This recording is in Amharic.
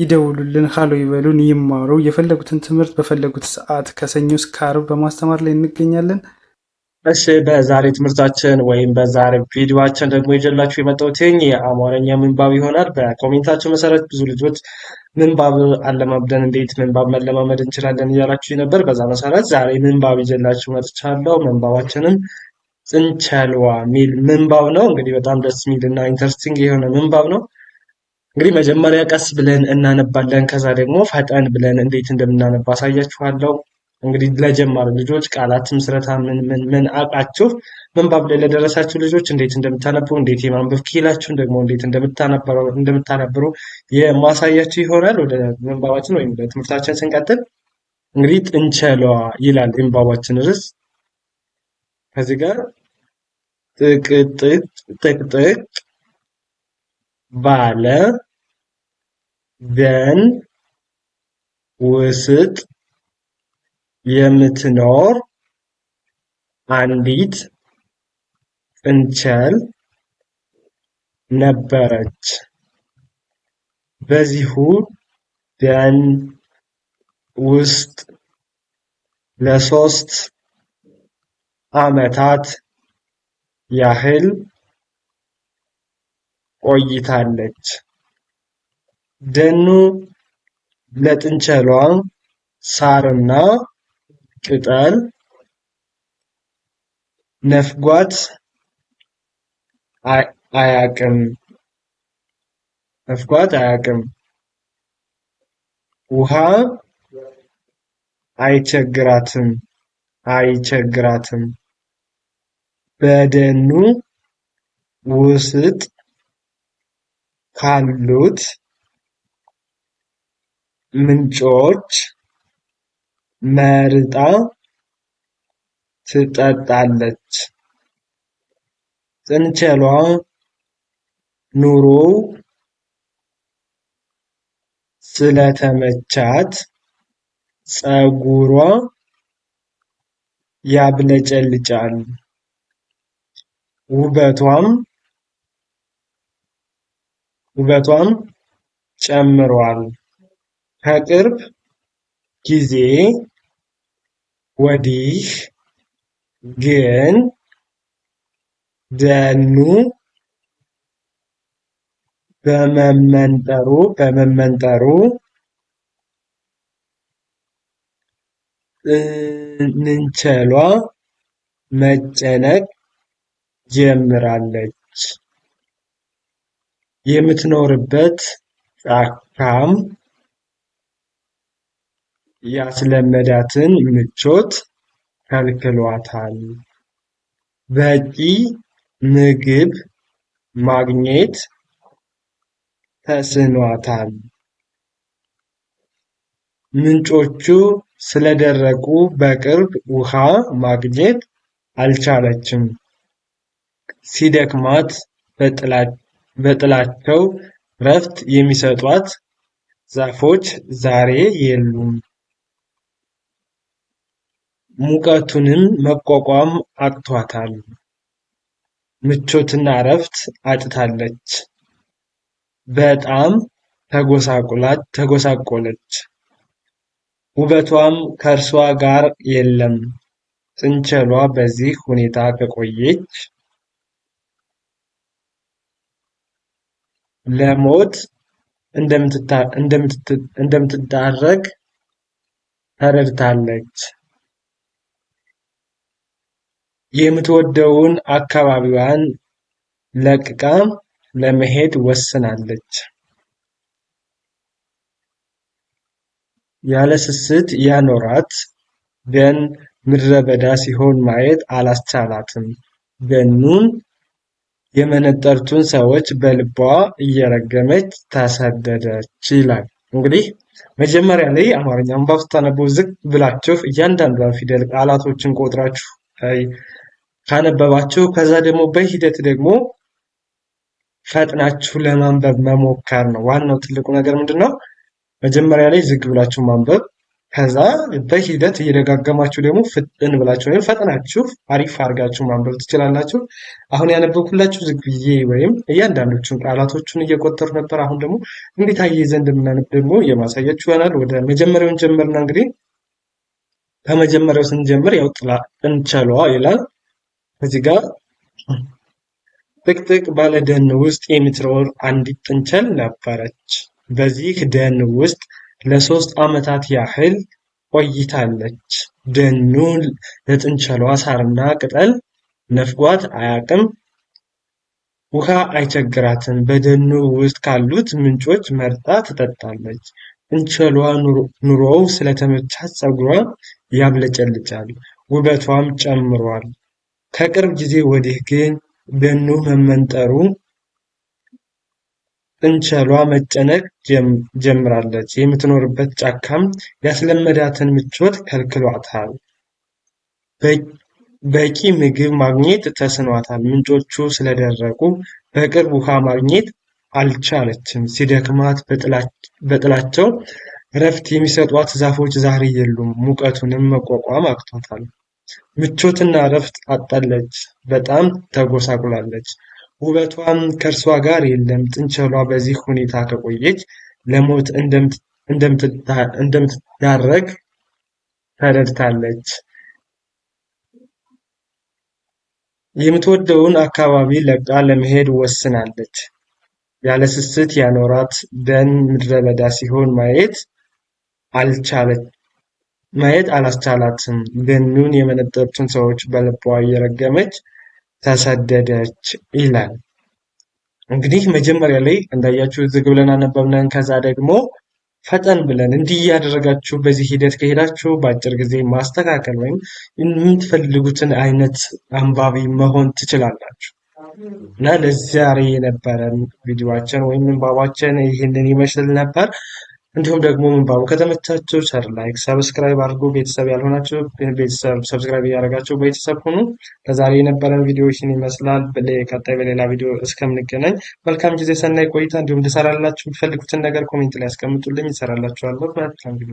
ይደውሉልን፣ ሀሎ ይበሉን፣ ይማሩ። የፈለጉትን ትምህርት በፈለጉት ሰዓት ከሰኞ እስከ ዓርብ በማስተማር ላይ እንገኛለን። እሺ በዛሬ ትምህርታችን ወይም በዛሬ ቪዲዮችን ደግሞ ይዤላችሁ የመጣሁትኝ የአማርኛ ምንባብ ይሆናል። በኮሜንታችን መሰረት ብዙ ልጆች ምንባብ አለማብደን እንዴት ምንባብ መለማመድ እንችላለን እያላችሁ ነበር። በዛ መሰረት ዛሬ ምንባብ ይዤላችሁ መጥቻለሁ። ምንባባችንም ጽንቸልዋ የሚል ምንባብ ነው። እንግዲህ በጣም ደስ የሚል እና ኢንተረስቲንግ የሆነ ምንባብ ነው። እንግዲህ መጀመሪያ ቀስ ብለን እናነባለን። ከዛ ደግሞ ፈጠን ብለን እንዴት እንደምናነባ አሳያችኋለሁ። እንግዲህ ለጀማሪ ልጆች ቃላት ምስረታ ምን ምን ምን አውቃችሁ ምንባብ ላይ ለደረሳችሁ ልጆች እንዴት እንደምታነቡ እንዴት የማንበብ ኪላችሁን ደግሞ እንዴት እንደምታነብሩ የማሳያችሁ ይሆናል። ወደ ምንባባችን ወይም ወደ ስንቀጥል እንግዲህ ጥንቸሏ ይላል የምንባባችን ርዕስ። ከዚህ ጋር ጥቅጥቅ ጥቅጥቅ ባለ ደን ውስጥ የምትኖር አንዲት ጥንቸል ነበረች። በዚሁ ደን ውስጥ ለሶስት ዓመታት ያህል ቆይታለች። ደኑ ለጥንቸሏ ሳርና ቅጠል ነፍጓት አያቅም ነፍጓት አያቅም። ውሃ አይቸግራትም አይቸግራትም። በደኑ ውስጥ ካሉት ምንጮች መርጣ ትጠጣለች። ጥንቸሏ ኑሮ ስለተመቻት ፀጉሯ ያብለጨልጫል ውበቷም ውበቷም ጨምሯል። ከቅርብ ጊዜ ወዲህ ግን ደኑ በመመንጠሩ በመመንጠሩ ጥንቸሏ መጨነቅ ጀምራለች። የምትኖርበት ጫካም ያስለመዳትን ምቾት ከልክሏታል። በቂ ምግብ ማግኘት ተስኗታል። ምንጮቹ ስለደረቁ በቅርብ ውሃ ማግኘት አልቻለችም። ሲደክማት በጥላቻ በጥላቸው እረፍት የሚሰጧት ዛፎች ዛሬ የሉም። ሙቀቱንም መቋቋም አቅቷታል። ምቾትና እረፍት አጥታለች። በጣም ተጎሳቆለች። ውበቷም ከእርሷ ጋር የለም። ጥንቸሏ በዚህ ሁኔታ ከቆየች ለሞት እንደምትዳረግ ተረድታለች። የምትወደውን አካባቢዋን ለቅቃ ለመሄድ ወስናለች። ስስት ያኖራት ደን ምድረ በዳ ሲሆን ማየት አላስቻላትም። ደኑን የመነጠርቱን ሰዎች በልቧ እየረገመች ታሳደደች ይላል። እንግዲህ መጀመሪያ ላይ አማርኛ አንባብ ስታነቡ ዝቅ ብላችሁ እያንዳንዷን ፊደል ቃላቶችን ቆጥራችሁ ካነበባችሁ ከዛ ደግሞ በሂደት ደግሞ ፈጥናችሁ ለማንበብ መሞከር ነው። ዋናው ትልቁ ነገር ምንድን ነው? መጀመሪያ ላይ ዝግ ብላችሁ ማንበብ ከዛ በሂደት እየደጋገማችሁ ደግሞ ፍጥን ብላችሁ ወይም ፈጥናችሁ አሪፍ አድርጋችሁ ማንበብ ትችላላችሁ። አሁን ያነበብኩላችሁ ዝግ ብዬ ወይም እያንዳንዶቹን ቃላቶቹን እየቆጠሩ ነበር። አሁን ደግሞ እንዴት አየ ዘንድ የምናነብ ደግሞ እየማሳያችሁ ይሆናል። ወደ መጀመሪያውን ጀምርና እንግዲህ ከመጀመሪያው ስንጀምር ያው ጥላ እንቸሏ ይላል እዚህ ጋር ጥቅጥቅ ባለ ደን ውስጥ የምትኖር አንዲት ጥንቸል ነበረች። በዚህ ደን ውስጥ ለሶስት ዓመታት ያህል ቆይታለች ደኑ ለጥንቸሏ ሳርና ቅጠል ነፍጓት አያቅም ውሃ አይቸግራትም በደኑ ውስጥ ካሉት ምንጮች መርጣ ትጠጣለች ጥንቸሏ ኑሮው ስለተመቻት ፀጉሯ ያብለጨልጫል ውበቷም ጨምሯል ከቅርብ ጊዜ ወዲህ ግን ደኑ መመንጠሩ ጥንቸሏ መጨነቅ ጀምራለች የምትኖርበት ጫካም ያስለመዳትን ምቾት ከልክሏታል። በቂ ምግብ ማግኘት ተስኗታል ምንጮቹ ስለደረቁ በቅርብ ውሃ ማግኘት አልቻለችም። ሲደክማት በጥላቸው እረፍት የሚሰጧት ዛፎች ዛሬ የሉም ሙቀቱንም መቋቋም አቅቷታል። ምቾትና እረፍት አጣለች በጣም ተጎሳቁላለች። ውበቷም ከእርሷ ጋር የለም ጥንቸሏ በዚህ ሁኔታ ከቆየች ለሞት እንደምትዳረግ ተረድታለች። የምትወደውን አካባቢ ለቃ ለመሄድ ወስናለች። ያለስስት ያኖራት ደን ምድረ በዳ ሲሆን ማየት አልቻለች ማየት አላስቻላትም። ደኑን የመነጠሩትን ሰዎች በልቧ እየረገመች ተሰደደች ይላል። እንግዲህ መጀመሪያ ላይ እንዳያችሁ ዝግ ብለን አነበብነን። ከዛ ደግሞ ፈጠን ብለን እንዲህ በዚህ ሂደት ከሄዳችሁ በአጭር ጊዜ ማስተካከል ወይም የምትፈልጉትን አይነት አንባቢ መሆን ትችላላችሁ። እና ለዛሬ የነበረን ቪዲዮችን ወይም ንባባችን ይህንን ይመስል ነበር። እንዲሁም ደግሞ ምንባቡ ከተመቻችሁ ሸር፣ ላይክ፣ ሰብስክራይብ አድርጉ። ቤተሰብ ያልሆናችሁ ቤተሰብ ሰብስክራይብ እያደረጋችሁ ቤተሰብ ሁኑ። ለዛሬ የነበረን ቪዲዮ ቪዲዮዎችን ይመስላል። ቀጣይ በሌላ ቪዲዮ እስከምንገናኝ መልካም ጊዜ፣ ሰናይ ቆይታ። እንዲሁም እንድሰራላችሁ የምትፈልጉትን ነገር ኮሜንት ላይ ያስቀምጡልኝ፣ ይሰራላችኋለሁ። መልካም ጊዜ